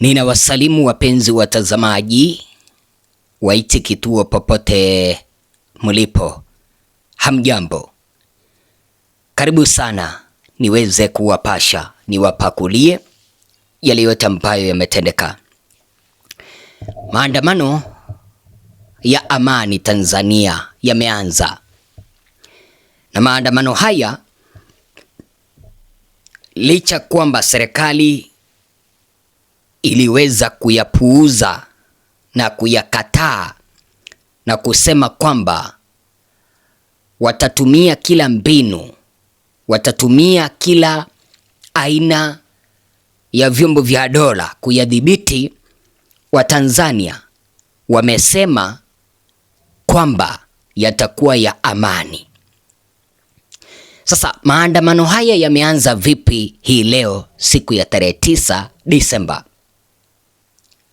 Ninawasalimu wapenzi watazamaji waiti kituo popote mlipo, hamjambo, karibu sana niweze kuwapasha niwapakulie yale yote ambayo yametendeka. Maandamano ya amani Tanzania yameanza, na maandamano haya licha kwamba serikali iliweza kuyapuuza na kuyakataa na kusema kwamba watatumia kila mbinu, watatumia kila aina ya vyombo vya dola kuyadhibiti Watanzania. Wamesema kwamba yatakuwa ya amani. Sasa maandamano haya yameanza vipi hii leo siku ya tarehe 9 Disemba?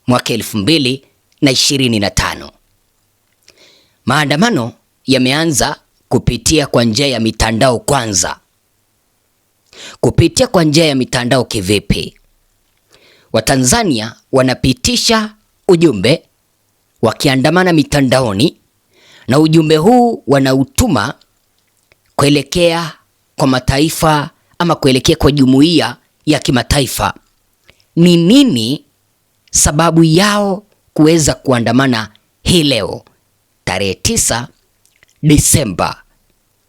mwaka tano. Maandamano yameanza kupitia kwa njia ya mitandao kwanza. Kupitia kwa njia ya mitandao kivipi? Watanzania wanapitisha ujumbe wakiandamana mitandaoni na ujumbe huu wanautuma kuelekea kwa mataifa ama kuelekea kwa jumuiya ya kimataifa. Ni nini sababu yao kuweza kuandamana hii leo tarehe 9 Disemba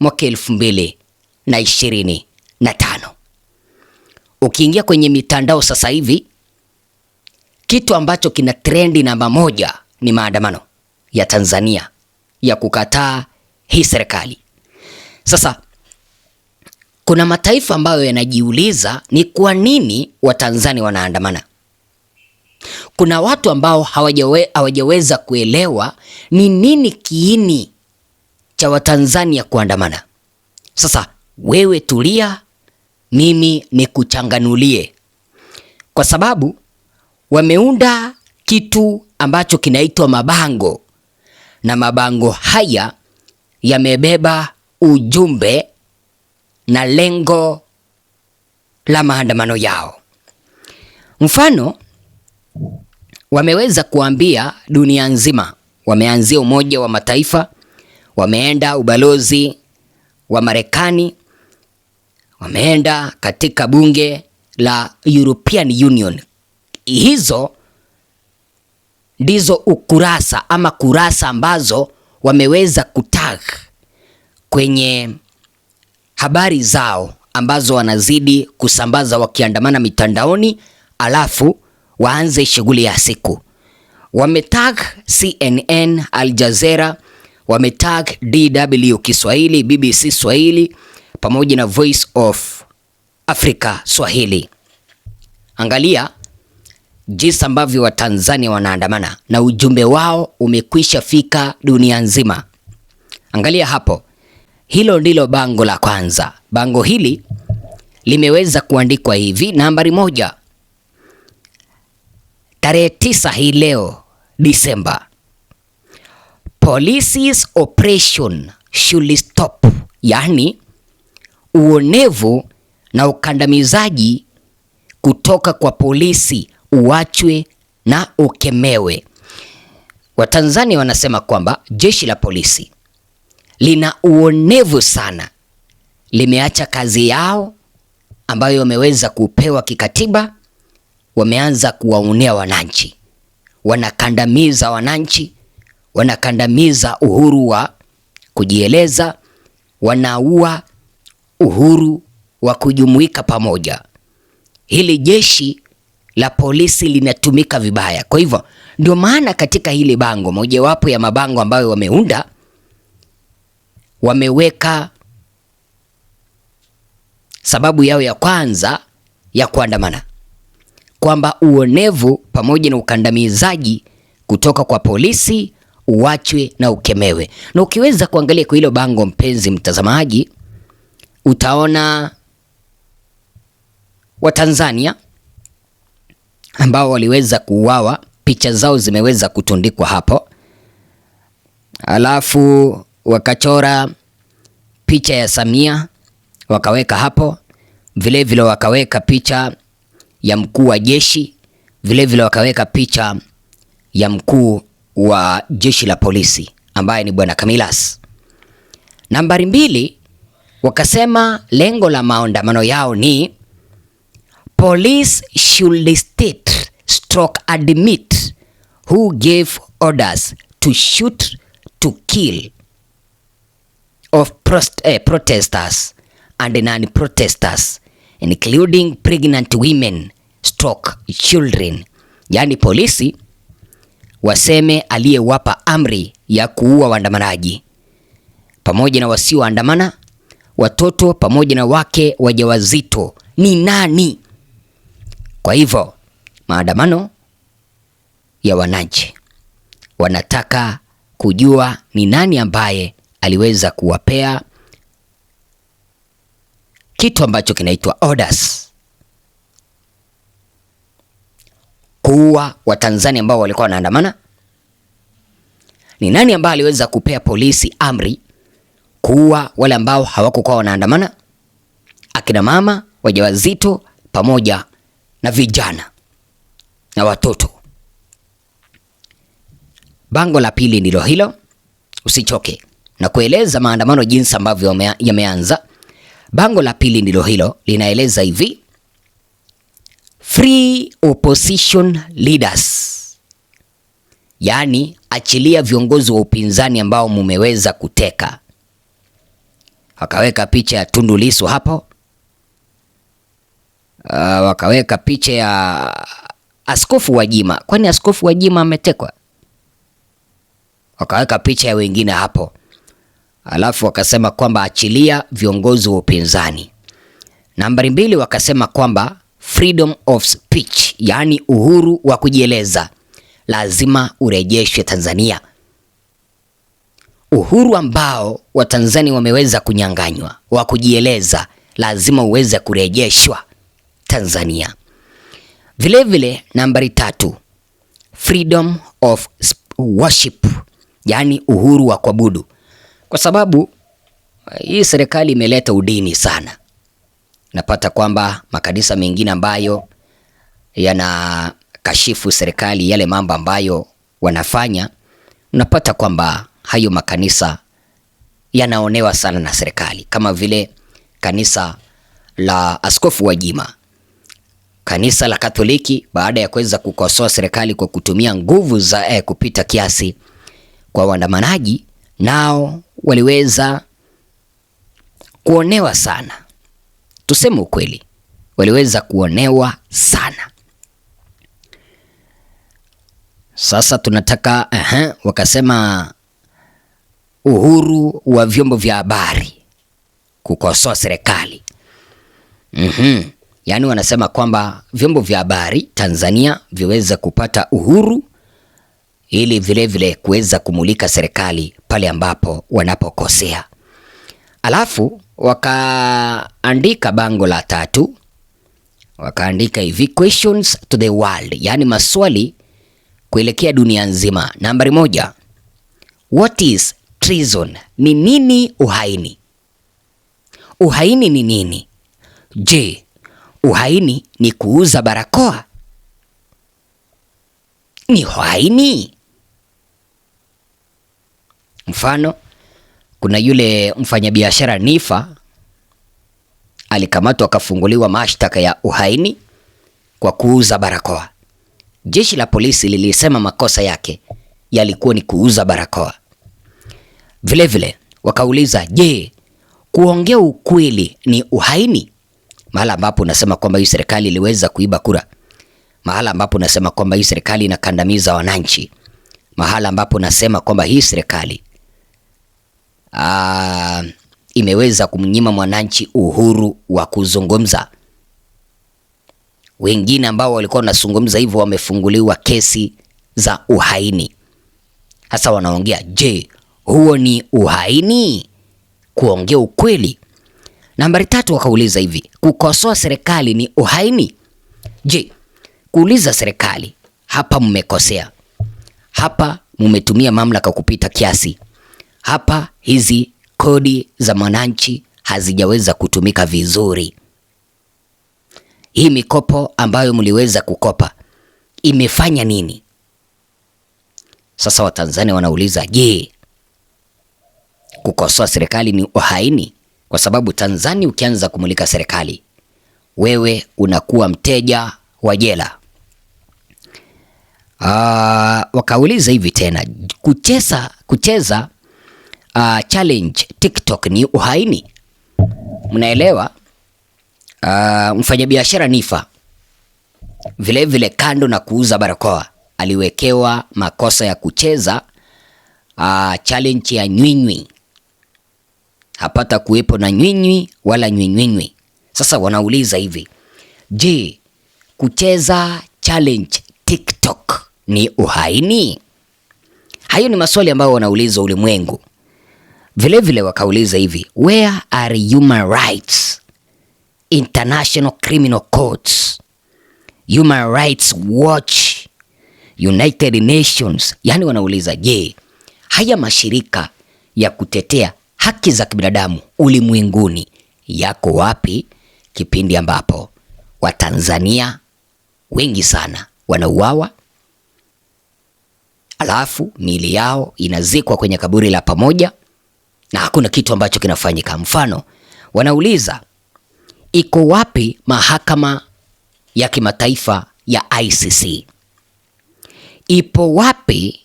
mwaka elfu mbili na ishirini na tano. Ukiingia kwenye mitandao sasa hivi kitu ambacho kina trendi namba moja ni maandamano ya Tanzania ya kukataa hii serikali. Sasa kuna mataifa ambayo yanajiuliza ni kwa nini Watanzania wanaandamana. Kuna watu ambao hawajawe, hawajaweza kuelewa ni nini kiini cha Watanzania kuandamana. Sasa wewe tulia, mimi nikuchanganulie, kwa sababu wameunda kitu ambacho kinaitwa mabango, na mabango haya yamebeba ujumbe na lengo la maandamano yao. Mfano, wameweza kuambia dunia nzima. Wameanzia Umoja wa Mataifa, wameenda ubalozi wa Marekani, wameenda katika bunge la European Union. Hizo ndizo ukurasa ama kurasa ambazo wameweza kutag kwenye habari zao ambazo wanazidi kusambaza wakiandamana mitandaoni, alafu waanze shughuli ya siku. Wametag CNN, Al Jazeera, wametag DW Kiswahili, BBC Swahili pamoja na Voice of Africa Swahili. Angalia jinsi ambavyo Watanzania wanaandamana na ujumbe wao umekwisha fika dunia nzima. Angalia hapo, hilo ndilo bango la kwanza. Bango hili limeweza kuandikwa hivi, nambari moja Tarehe tisa hii leo Disemba, policies operation should stop, yani uonevu na ukandamizaji kutoka kwa polisi uachwe na ukemewe. Watanzania wanasema kwamba jeshi la polisi lina uonevu sana, limeacha kazi yao ambayo wameweza kupewa kikatiba wameanza kuwaonea wananchi, wanakandamiza wananchi, wanakandamiza uhuru wa kujieleza, wanaua uhuru wa kujumuika pamoja. Hili jeshi la polisi linatumika vibaya. Kwa hivyo ndio maana katika hili bango, mojawapo ya mabango ambayo wameunda, wameweka sababu yao ya kwanza ya kuandamana kwamba uonevu pamoja na ukandamizaji kutoka kwa polisi uachwe na ukemewe. Na ukiweza kuangalia kwa hilo bango, mpenzi mtazamaji, utaona Watanzania ambao waliweza kuuawa, picha zao zimeweza kutundikwa hapo, alafu wakachora picha ya Samia wakaweka hapo vilevile, vile wakaweka picha ya mkuu wa jeshi, vilevile vile wakaweka picha ya mkuu wa jeshi la polisi ambaye ni bwana Kamilas. Nambari mbili, wakasema lengo la maandamano yao ni police should state stroke admit who gave orders to shoot to kill of prost, eh, protesters and non-protesters including pregnant women stroke children, yaani polisi waseme aliyewapa amri ya kuua waandamanaji pamoja na wasioandamana, watoto pamoja na wake wajawazito ni nani? Kwa hivyo maandamano ya wananchi wanataka kujua ni nani ambaye aliweza kuwapea kitu ambacho kinaitwa orders. kuua Watanzania ambao walikuwa wanaandamana? Ni nani ambaye aliweza kupea polisi amri kuua wale ambao hawakukuwa wanaandamana? Akina mama wajawazito pamoja na vijana na watoto. Bango la pili ndilo hilo, usichoke na kueleza maandamano jinsi ambavyo yameanza. Bango la pili ndilo hilo, linaeleza hivi: Free opposition leaders, yaani achilia viongozi wa upinzani ambao mumeweza kuteka. Wakaweka picha ya Tundu Lissu hapo. Uh, wakaweka picha ya Askofu Wajima. Kwani Askofu Wajima ametekwa? Wakaweka picha ya wengine hapo, alafu wakasema kwamba achilia viongozi wa upinzani. Nambari mbili wakasema kwamba freedom of speech, yaani uhuru wa kujieleza lazima urejeshwe Tanzania, uhuru ambao Watanzania wameweza kunyang'anywa wa kujieleza lazima uweze kurejeshwa Tanzania. Vilevile nambari tatu, freedom of worship, yaani uhuru wa kuabudu, kwa sababu eh, hii serikali imeleta udini sana napata kwamba makanisa mengine ambayo yana kashifu serikali yale mambo ambayo wanafanya, unapata kwamba hayo makanisa yanaonewa sana na serikali, kama vile kanisa la Askofu Gwajima. Kanisa la Katoliki baada ya kuweza kukosoa serikali kwa kutumia nguvu za eh, kupita kiasi kwa waandamanaji, nao waliweza kuonewa sana. Tuseme ukweli, waliweza kuonewa sana. Sasa tunataka -huh, wakasema uhuru wa vyombo vya habari kukosoa serikali mm -hmm. Yaani wanasema kwamba vyombo vya habari Tanzania viweza kupata uhuru ili vilevile kuweza kumulika serikali pale ambapo wanapokosea. Alafu wakaandika bango la tatu, wakaandika hivi questions to the world, yaani maswali kuelekea dunia nzima. Nambari moja, what is treason? Ni nini uhaini? Uhaini ni nini? Je, uhaini ni kuuza barakoa? Ni uhaini? Mfano, kuna yule mfanyabiashara Nifa alikamatwa akafunguliwa mashtaka ya uhaini kwa kuuza barakoa. Jeshi la polisi lilisema makosa yake yalikuwa ni kuuza barakoa. Vilevile vile, wakauliza je, kuongea ukweli ni uhaini? Mahala ambapo unasema kwamba hii serikali iliweza kuiba kura, mahala ambapo unasema kwamba hii serikali inakandamiza wananchi, mahala ambapo unasema kwamba hii serikali uh, imeweza kumnyima mwananchi uhuru wa kuzungumza. Wengine ambao walikuwa wanazungumza hivyo wamefunguliwa kesi za uhaini. Hasa wanaongea, je, huo ni uhaini kuongea ukweli? Nambari tatu wakauliza hivi, kukosoa serikali ni uhaini? Je, kuuliza serikali, hapa mmekosea, hapa mmetumia mamlaka kupita kiasi, hapa hizi kodi za mwananchi hazijaweza kutumika vizuri. Hii mikopo ambayo mliweza kukopa imefanya nini? Sasa Watanzania wanauliza, je, kukosoa serikali ni uhaini? Kwa sababu Tanzania ukianza kumulika serikali, wewe unakuwa mteja wa jela. Ah, wakauliza hivi tena, kucheza kucheza uh, challenge TikTok ni uhaini, mnaelewa? Uh, mfanyabiashara Nifa vilevile vile, kando na kuuza barakoa, aliwekewa makosa ya kucheza uh, challenge ya nywinywi. Hapata kuwepo na nywinywi wala nywinywinywi. Sasa wanauliza hivi, je, kucheza challenge TikTok ni uhaini? Hayo ni maswali ambayo wanauliza ulimwengu. Vilevile wakauliza hivi, where are human rights, international criminal courts, human rights watch, united nations? Yani wanauliza je, haya mashirika ya kutetea haki za kibinadamu ulimwenguni yako wapi, kipindi ambapo Watanzania wengi sana wanauawa alafu miili yao inazikwa kwenye kaburi la pamoja na hakuna kitu ambacho kinafanyika. Mfano, wanauliza iko wapi mahakama ya kimataifa ya ICC? Ipo wapi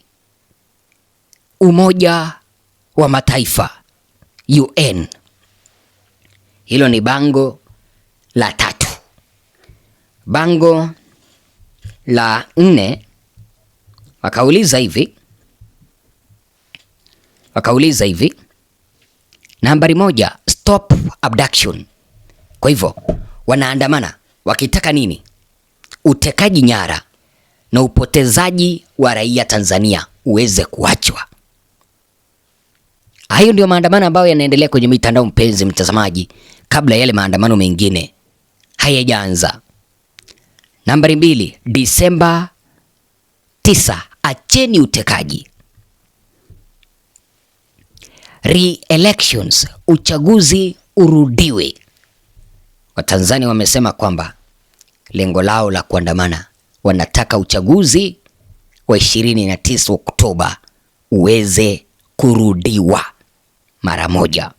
Umoja wa Mataifa UN? Hilo ni bango la tatu. Bango la nne wakauliza hivi wakauliza hivi Nambari moja, stop abduction. Kwa hivyo wanaandamana wakitaka nini? Utekaji nyara na upotezaji wa raia Tanzania uweze kuachwa. Hayo ndio maandamano ambayo yanaendelea kwenye mitandao, mpenzi mtazamaji, kabla yale maandamano mengine hayajaanza. Nambari mbili, Disemba tisa, acheni utekaji. Re-elections, uchaguzi urudiwe. Watanzania wamesema kwamba lengo lao la kuandamana, wanataka uchaguzi wa 29 Oktoba uweze kurudiwa mara moja.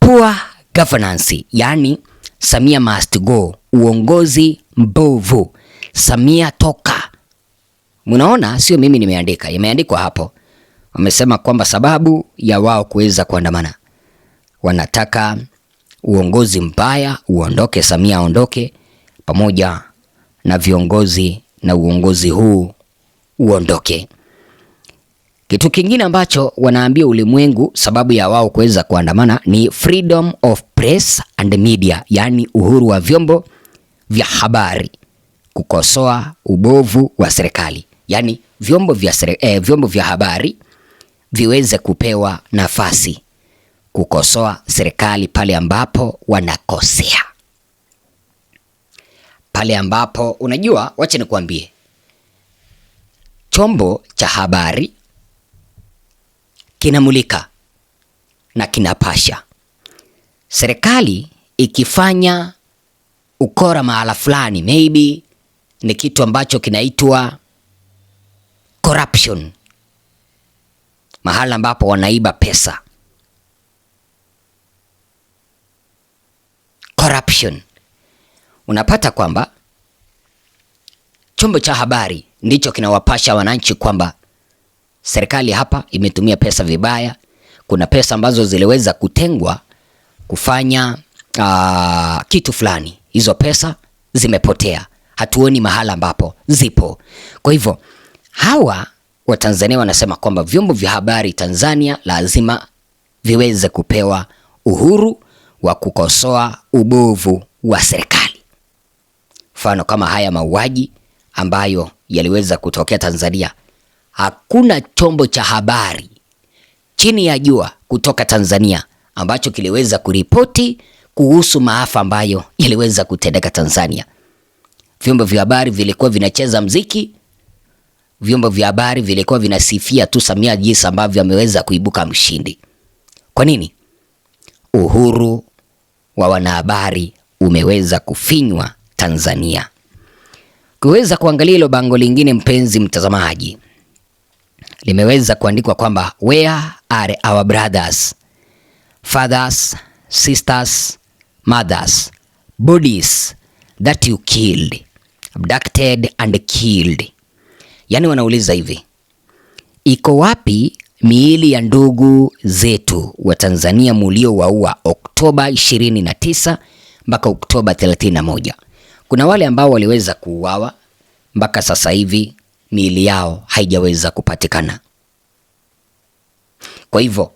Poor governance, yaani Samia must go, uongozi mbovu. Samia toka. Mnaona, sio mimi nimeandika, imeandikwa hapo wamesema kwamba sababu ya wao kuweza kuandamana, wanataka uongozi mbaya uondoke, Samia aondoke pamoja na viongozi na uongozi huu uondoke. Kitu kingine ambacho wanaambia ulimwengu sababu ya wao kuweza kuandamana ni freedom of press and media, yaani uhuru wa vyombo vya habari kukosoa ubovu wa serikali, yaani vyombo vya, eh, vyombo vya habari viweze kupewa nafasi kukosoa serikali pale ambapo wanakosea, pale ambapo unajua, wacha nikuambie, chombo cha habari kinamulika na kinapasha. Serikali ikifanya ukora mahala fulani, maybe ni kitu ambacho kinaitwa corruption mahala ambapo wanaiba pesa. Corruption. Unapata kwamba chombo cha habari ndicho kinawapasha wananchi kwamba serikali hapa imetumia pesa vibaya. Kuna pesa ambazo ziliweza kutengwa kufanya aa, ah, kitu fulani, hizo pesa zimepotea, hatuoni mahala ambapo zipo. Kwa hivyo hawa Watanzania wanasema kwamba vyombo vya habari Tanzania lazima viweze kupewa uhuru wa kukosoa ubovu wa serikali. Mfano kama haya mauaji ambayo yaliweza kutokea Tanzania, hakuna chombo cha habari chini ya jua kutoka Tanzania ambacho kiliweza kuripoti kuhusu maafa ambayo yaliweza kutendeka Tanzania. Vyombo vya habari vilikuwa vinacheza mziki vyombo vya habari vilikuwa vinasifia tu Samia jinsi ambavyo ameweza kuibuka mshindi. Kwa nini? Uhuru wa wanahabari umeweza kufinywa Tanzania. kuweza kuangalia hilo bango lingine, mpenzi mtazamaji, limeweza kuandikwa kwamba where are our brothers fathers sisters mothers bodies that you killed abducted and killed Yaani wanauliza hivi, iko wapi miili ya ndugu zetu wa Tanzania muliowaua Oktoba 29 mpaka Oktoba 31? Kuna wale ambao waliweza kuuawa mpaka sasa hivi miili yao haijaweza kupatikana. Kwa hivyo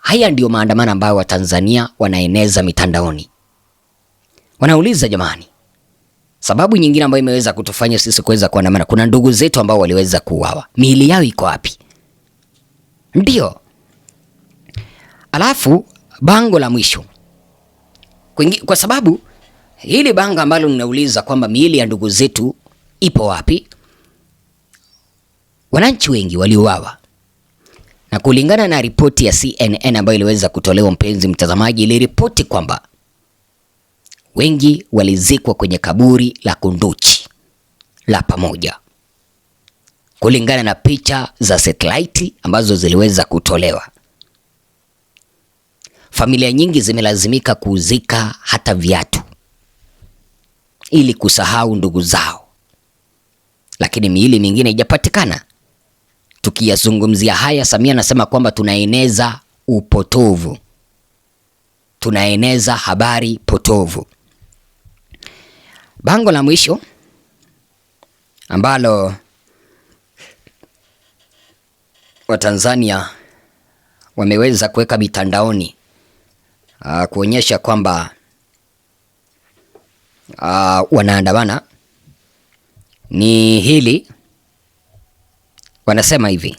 haya ndiyo maandamano ambayo Watanzania wanaeneza mitandaoni. Wanauliza jamani, Sababu nyingine ambayo imeweza kutufanya sisi kuweza kuandamana, kuna ndugu zetu ambao waliweza kuuawa, miili yao iko wapi? Ndio. Alafu bango la mwisho Kwingi, kwa sababu hili bango ambalo ninauliza kwamba miili ya ndugu zetu ipo wapi, wananchi wengi waliuawa na kulingana na ripoti ya CNN ambayo iliweza kutolewa, mpenzi mtazamaji, iliripoti kwamba Wengi walizikwa kwenye kaburi la Kunduchi la pamoja, kulingana na picha za satelaiti ambazo ziliweza kutolewa. Familia nyingi zimelazimika kuzika hata viatu ili kusahau ndugu zao, lakini miili mingine haijapatikana. Tukiyazungumzia haya, Samia anasema kwamba tunaeneza upotovu, tunaeneza habari potovu. Bango la mwisho ambalo Watanzania wameweza kuweka mitandaoni uh, kuonyesha kwamba uh, wanaandamana ni hili. Wanasema hivi,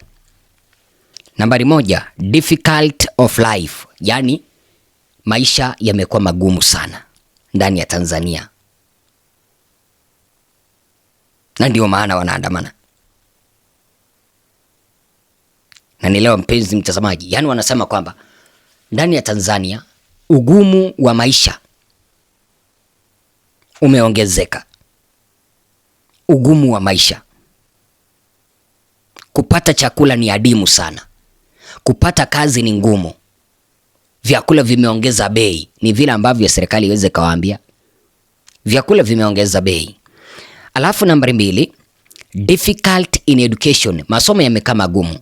nambari moja, difficult of life, yani maisha yamekuwa magumu sana ndani ya Tanzania na ndio maana wanaandamana. Na nielewa mpenzi mtazamaji, yaani wanasema kwamba ndani ya Tanzania ugumu wa maisha umeongezeka, ugumu wa maisha, kupata chakula ni adimu sana, kupata kazi ni ngumu, vyakula vimeongeza bei. Ni vile ambavyo serikali iweze kawaambia vyakula vimeongeza bei Alafu nambari mbili, difficult in education, masomo yamekaa magumu,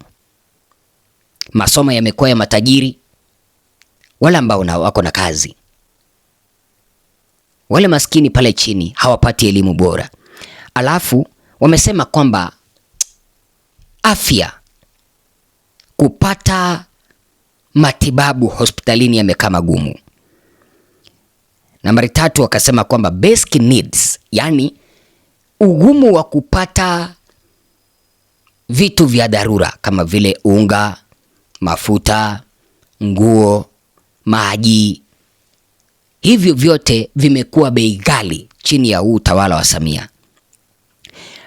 masomo yamekuwa ya matajiri, wale ambao wako na kazi, wale maskini pale chini hawapati elimu bora. Alafu wamesema kwamba afya, kupata matibabu hospitalini yamekaa magumu. Nambari tatu wakasema kwamba basic needs, yani ugumu wa kupata vitu vya dharura kama vile unga, mafuta, nguo, maji. Hivyo vyote vimekuwa bei ghali chini ya huu utawala wa Samia.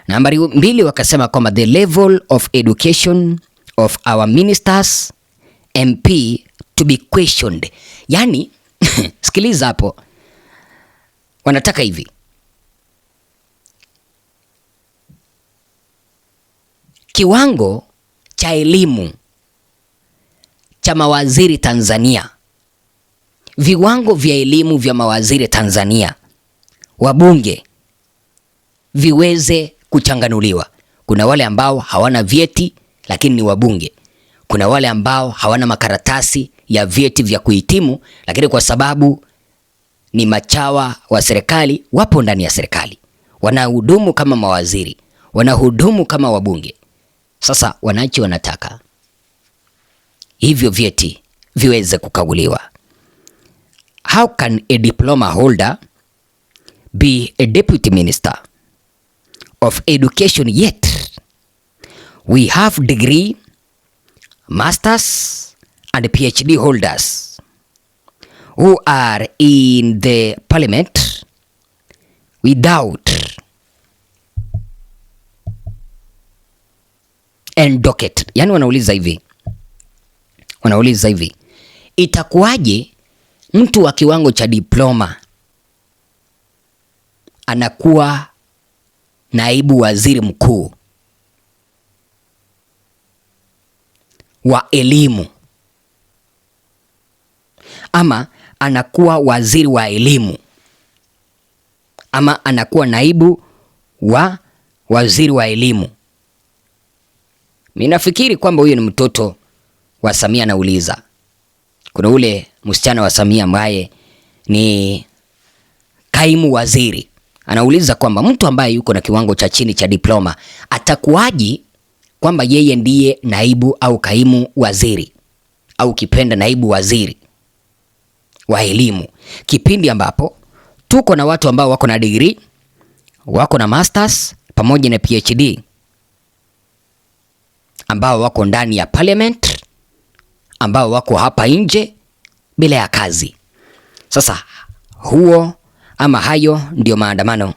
Nambari mbili, wakasema kwamba the level of education of our ministers MP to be questioned. Yaani, sikiliza hapo, wanataka hivi Kiwango cha elimu cha mawaziri Tanzania, viwango vya elimu vya mawaziri Tanzania, wabunge viweze kuchanganuliwa. Kuna wale ambao hawana vyeti lakini ni wabunge. Kuna wale ambao hawana makaratasi ya vyeti vya kuhitimu, lakini kwa sababu ni machawa wa serikali, wapo ndani ya serikali, wanahudumu kama mawaziri, wanahudumu kama wabunge. Sasa wananchi wanataka hivyo vyeti viweze kukaguliwa. How can a diploma holder be a deputy minister of education yet we have degree masters and PhD holders who are in the parliament without and docket. Yaani wanauliza hivi, wanauliza hivi, itakuwaje mtu wa kiwango cha diploma anakuwa naibu waziri mkuu wa elimu ama anakuwa waziri wa elimu ama anakuwa naibu wa waziri wa elimu. Ninafikiri kwamba huyu ni mtoto wa Samia anauliza. Kuna ule msichana wa Samia ambaye ni kaimu waziri anauliza kwamba mtu ambaye yuko na kiwango cha chini cha diploma atakuwaji kwamba yeye ndiye naibu au kaimu waziri au kipenda naibu waziri wa elimu, kipindi ambapo tuko na watu ambao wako na degree, wako na masters pamoja na PhD ambao wako ndani ya parliament ambao wako hapa nje bila ya kazi. Sasa huo ama hayo ndio maandamano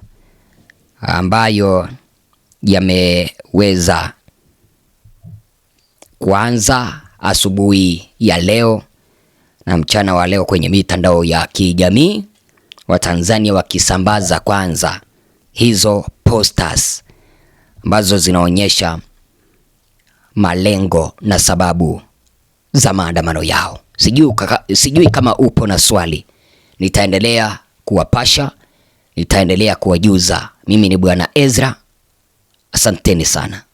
ambayo yameweza kuanza asubuhi ya leo na mchana wa leo kwenye mitandao ya kijamii, Watanzania wakisambaza kwanza hizo posters ambazo zinaonyesha malengo na sababu za maandamano yao. Sijui, kaka, sijui kama upo na swali. Nitaendelea kuwapasha, nitaendelea kuwajuza. Mimi ni Bwana Ezra, asanteni sana.